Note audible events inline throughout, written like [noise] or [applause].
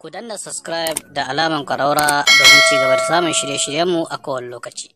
Ku danna subscribe da alaman ƙaraura domin ci gaba da samun shirye-shiryenmu a kowane lokaci.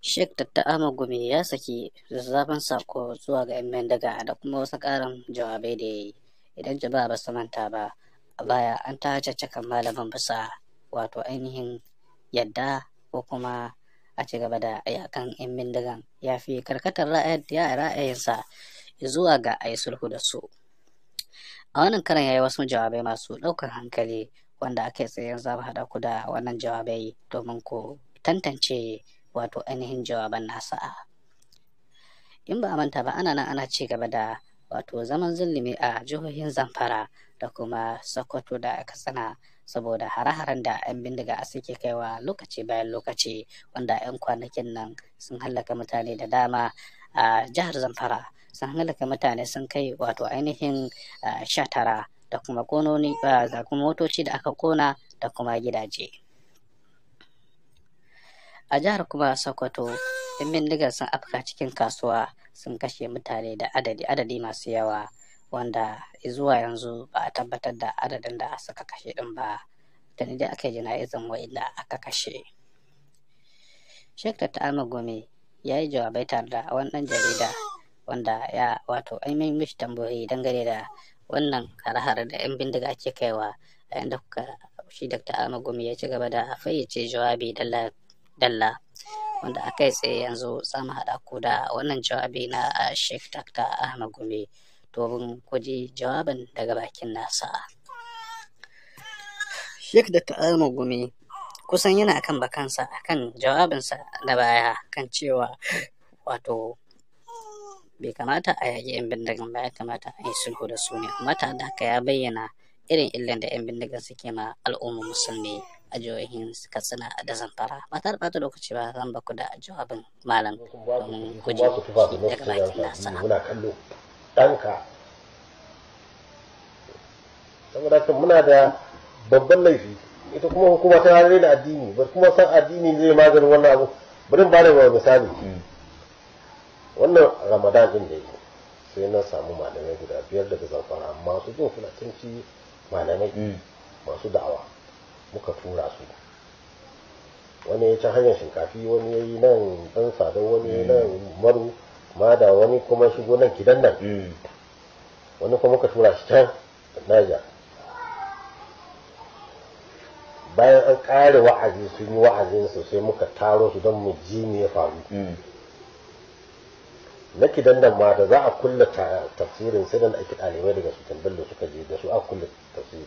Sheikh Tatta Ahmad Gumi ya saki zafin sako zuwa ga 'yan Bendiga da kuma wasu ƙarin jawabai da ya yi. Idan jama'a ba su manta ba, a baya an ta kan malamin bisa wato ainihin yadda ko kuma a ci gaba da yakan 'yan bindigan ya fi karkatar ra'ayinsa zuwa ga a yi sulhu da su. A wannan karan ya wasu jawabai masu ɗaukar hankali wanda ake tsaye za mu haɗa ku da wannan jawabai domin ku tantance wato ainihin jawaban nasa. In ba a manta ba ana nan ana ci gaba da wato zaman zulumi a jihohin Zamfara da kuma Sokoto da Katsina saboda hare-haren da 'yan bindiga a suke kaiwa lokaci bayan lokaci wanda 'yan kwanakin nan sun hallaka mutane da dama a jihar Zamfara. sun halaka mutane sun kai wato ainihin sha tara da kuma kononi da kuma motoci da aka kona da kuma gidaje a jihar kuma sokoto yan bindigar sun afka cikin kasuwa sun kashe mutane da adadi adadi masu yawa wanda zuwa yanzu ba a tabbatar da adadin da suka kashe din ba da ni dai aka yi jana'izan wa'inda aka kashe Sheikh Tattama Gome ya yi jawabai tare da wani ɗan jarida wanda ya wato ainihin mishi tambayoyi dangane da wannan har-har da 'yan bindiga ke kaiwa yayin da kuka shi dr gumi ya ci gaba da fayyace jawabi dalla wanda a kai tsaye yanzu za mu haɗa ku da wannan jawabi na sheikh dr gumi, domin ku ji jawabin daga bakin nasa sheikh dr gumi kusan yana kan bakansa akan jawabinsa na baya kan cewa wato bai kamata a yaƙi 'yan bindigan ba ya kamata a yi sulhu da su ne amma ta haka ya bayyana irin illan da 'yan bindigan suke ma al'ummar musulmi a jihohin katsina da zamfara ba tare ɓata lokaci ba zan ba ku da jawabin malam domin guji daga bakin nasa saboda haka muna da babban laifi ita kuma hukuma ta rarrabe da addini ba kuma san addini zai maganin wannan abu bari ba da misali hmm. wannan ramadan din da yi sai na samu malamai guda biyar daga zamfara masu jin fulatanci malamai mm. masu da'awa muka tura su wani ya ci hanyar shinkafi wani ya yi nan dan sadau wani ya nan mm. maru ma da wani kuma shigo nan gidan nan mm. wani kuma muka tura shi can naija bayan an ƙare wa'azi sun yi wa'azinsu sai muka taro su don mu ji ne ya faru na kidan nan ma da za a kulle tafsirin sai dan aiki ɗalibai daga su tambayar da suka je da su a kulle tafsiri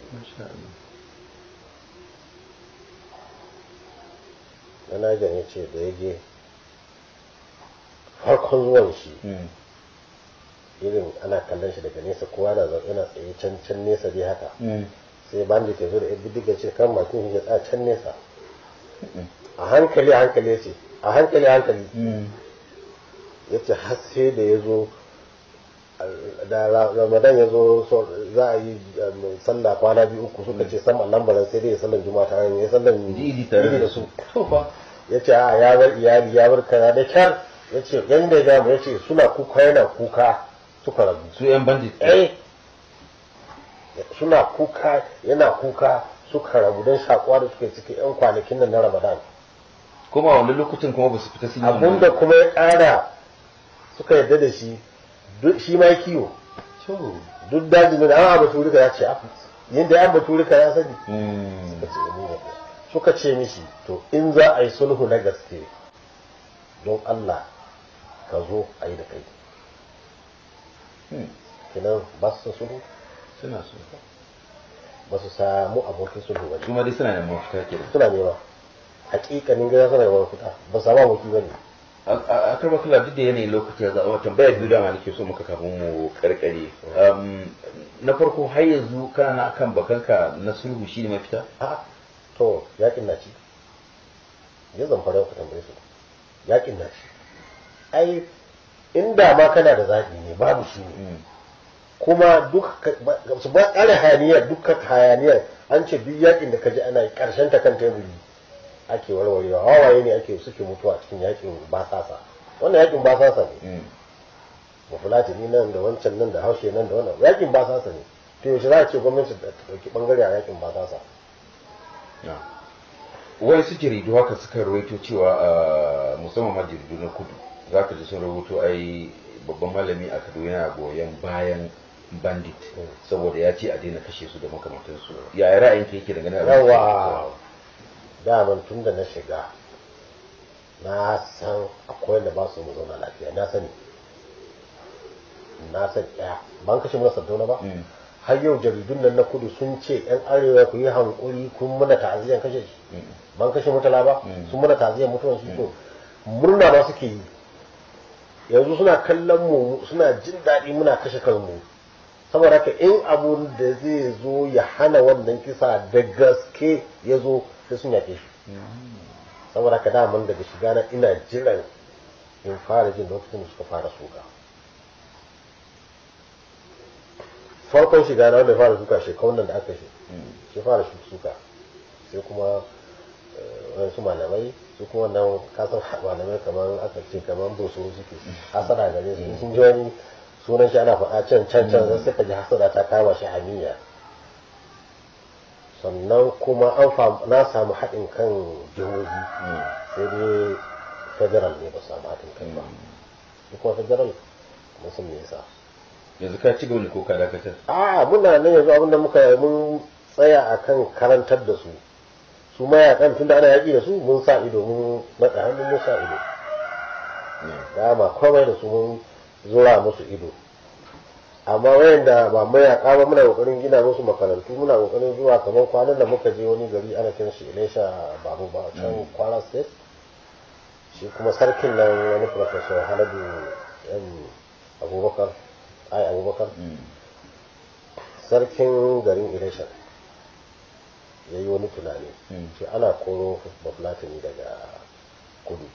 na najan ya ce da ya je farkon zuwan shi hmm. irin ana kallon shi daga nesa kowa na zaune yana tsaye can can nesa dai haka hmm. sai bandit ke zo da yan bidigar ce kan bakin shi ya tsaya can nesa hmm. a hankali a hankali ce a hankali a hankali ya ce har sai da ya zo ramadan ya zo za a yi um, sallah kwana biyu uku suka ce sama lambarin sai dai ya sallan juma'a hanyar ya sallan idi tare da su ya ce a ya bar iyali ya bar kaza da kyar ya ce yan da ya ya ce suna kuka yana kuka suka rabu su yan bandit eh suna kuka yana kuka suka rabu don shakuwa da suke ciki yan kwanakin nan na ramadan kuma wani lokacin kuma ba su fita sun yi abinda kuma ya kara suka yarda da shi shi ma kiwo duk ne da an abu turika ya ce a yadda an abu turika ya sani hmm. suka ce suka ce mishi to in za a yi sulhu na gaske don Allah ka zo a yi da kai hmm. kinan ba su sulhu suna sulhu ba su samu abokin sulhu ba kuma dai suna neman fita kenan suna nema hakikanin gaza suna neman fita ba su samu abokin ba ne a karbar kula duk da yanayin lokaci ya zaɓa tambaya biyu dama nake so muka kafin mu karkare um, na farko har yanzu kana na akan bakanka na sulhu shi ne mafita a to yakin na ci ya zan fara ku tambaye su yakin na ci ai inda ma kana da zaɓi ne babu shi ne mm. kuma duk su ba ƙara hayaniyar dukkan hayaniyar an ce duk yakin da ka ji ana ƙarshen ta kan teburi ake warwarewa wawaye ne ake suke mutuwa cikin yakin basasa wannan yakin basasa ne hmm. ne nan da wancan nan da haushe nan da wannan yakin basasa ne to yaushe za a ce gwamnati ta ɗauki ɓangare a yakin basasa wai suke rido haka suka rawaito cewa ah, musamman ma na kudu za ka ji sun rawaito ai babban malami a kado yana goyon bayan bandit hmm. saboda ya ce a daina kashe su da makamantansu yaya ra'ayin ke yake dangane da yawa daman tun da na shiga na san akwai da ba su mu zauna lafiya na sani na san ɗaya ban kashe mura sardauna ba mm. har yau jaridun nan na kudu sun ce yan arewa ku yi hankuri kun muna ta'aziyyar kashe shi mm. ban kashe mutala ba mm. sun muna ta'aziyyar mutuwan su to murna ba suke yi yanzu suna kallon mu suna jin daɗi muna kashe kanmu saboda haka in abun da zai zo ya hana wannan kisa da gaske ya zo sai sun yaƙe shi saboda ka daman daga shiga na ina jiran in fara jin lokacin da suka fara suka farkon shiga na wanda fara suka shekau nan da aka shi shi fara suka sai kuma eh, wasu malamai su kuma nan kasar [laughs] malamai kamar aka ce kamar doso suke hasara gare su sun ji wani sunan shi ana faɗa can can can sai suka ji hasara ta kama shi hamiya sannan kuma an na samu haɗin kan jihohi sai dai federal ne ba samu haɗin kan ba shi kuma federal mun san me yasa yanzu ka ci gaba da ka dakatar a muna nan yanzu abinda muka yi mun tsaya a kan karantar da su su tun tunda ana yaƙi da su mun sa ido mun matsa hannun mun sa ido dama hmm. komai da su mun zura musu ido amma wayanda ba mayaka ba muna kokarin gina musu makarantu muna kokarin zuwa kamar kwanan da muka je wani gari ana kan shi Elisha Babu ba can hmm. Kwara State shi kuma sarkin nan wani professor Haladu Abubakar ai Abubakar hmm. sarkin garin Elisha ya yi wani tunani hmm. shi ana koro Bafulatani daga kudu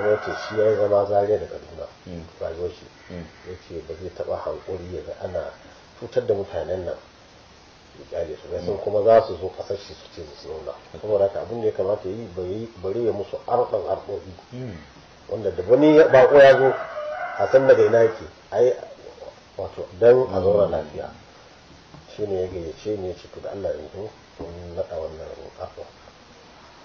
kuma ce shi ya zama zariya da kaduna mm. rayuwar shi mm. yace ba zai taba hankuri ya ga ana cutar da mutanen nan ya kyale su sun mm. kuma za su zo kasar shi su ce su zauna saboda ka abin da ya kamata ya yi bari ya musu arɗin arɗoɗi wanda da wani bako ya zo a san daga ina yake ai wato dan a zauna lafiya shi ne ya gayyace ne ya ce ku da Allah in zo in naɗa wannan abu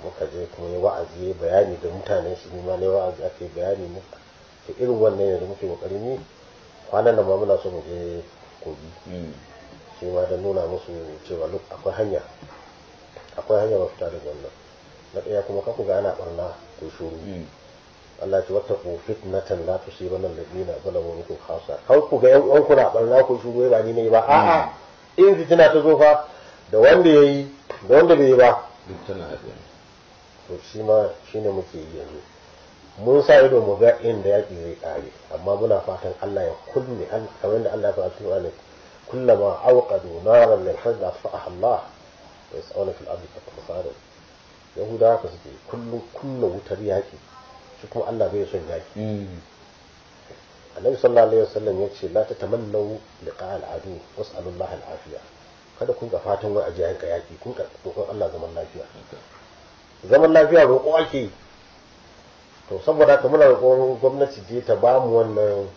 muka je kuma ya wa'azi ya bayani da mutane su ma ne wa'azi ake bayani mu ta irin wannan yanzu muke kokari ne kwanan nan ma muna so mu je kogi mm. shi ma da nuna musu cewa duk akwai hanya akwai hanya fita da wannan na ɗaya kuma kaku ga ana ɓarna ko shuru mm. Allah ce wata ko fitnatan la tusibanna alladina zalamu minkum khassa kar ku ga yan ku na ɓarna ko shuru ba ni ne ba mm. a'a in fitina ta zo fa da wanda yayi da wanda bai yi ba to shi ma shi ne muke yi yanzu mun sa ido mu ga inda yaƙi zai ƙare amma muna fatan Allah ya kulle kamar da Allah ya faɗa cikin ne kullama awqadu naran lil hajj asfaha Allah wa yas'una fil ardi fasada yahuda haka suke kullum kullum wutar yaƙi shi kuma Allah bai son yaƙi annabi sallallahu alaihi wasallam ya ce la tatamannu liqa al adu was'alullaha al afiya kada kun ga fatan wai a ka yaƙi kun ga Allah zaman lafiya zaman lafiya roƙo ake yi to saboda ka muna roƙon gwamnati je ta ba mu wannan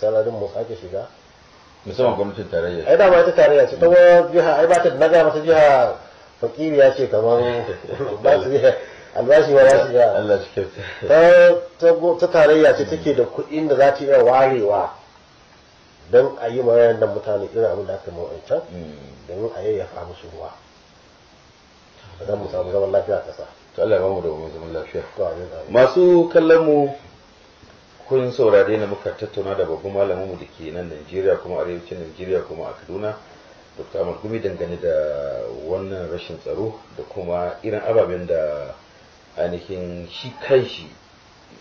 sararin mu sake shiga musamman gwamnatin tarayya ai ma ita tarayya ce ta jiha ai ba ta na ga ta jiha fakiriya ce kamar [laughs] ba su albashi ba za su ga Allah shi ta tarayya ce take da kuɗin da za ta iya warewa don a yi ma wayannan mutane irin abin da aka mawancan hmm. don a yayyafa musu ruwa don mu samu zaman lafiya a ƙasa masu kallon mu kun saurare na muka tattauna da babban malamin mu ke nan Najeriya kuma arewacin Najeriya kuma a Kaduna Dr. Ahmad Gumi dangane da wannan rashin tsaro da kuma irin ababen da ainihin shi kanshi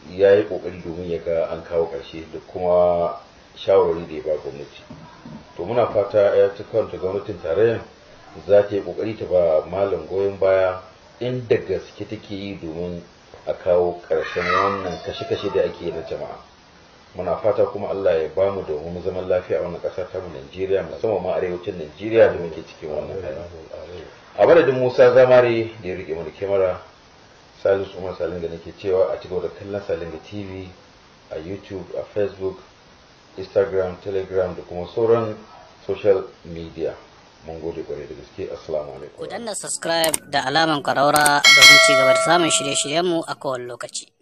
ya yi kokari domin ya ga an kawo ƙarshe da kuma shawarwari da ya ba gwamnati to muna fata ya ta gwamnatin tarayyar za ta yi kokari ta ba malam goyon baya inda gaske take yi domin a kawo ƙarshen wannan kashe-kashe da ake yi na jama'a muna fata kuma Allah ya ba mu domin zaman lafiya a wannan ta tamu Najeriya musamman ma arewacin Najeriya da muke cikin wannan hali a madadin Musa Zamare da ya rike mana kyamara Salisu Umar Salinga nake cewa a cigaba da kallon Salinga TV a YouTube a Facebook Instagram Telegram da kuma sauran social media mun gode kwarai da gaske assalamu alaikum ku danna subscribe da alaman kwaraura domin ci gaba da samun shirye-shiryenmu a kowane lokaci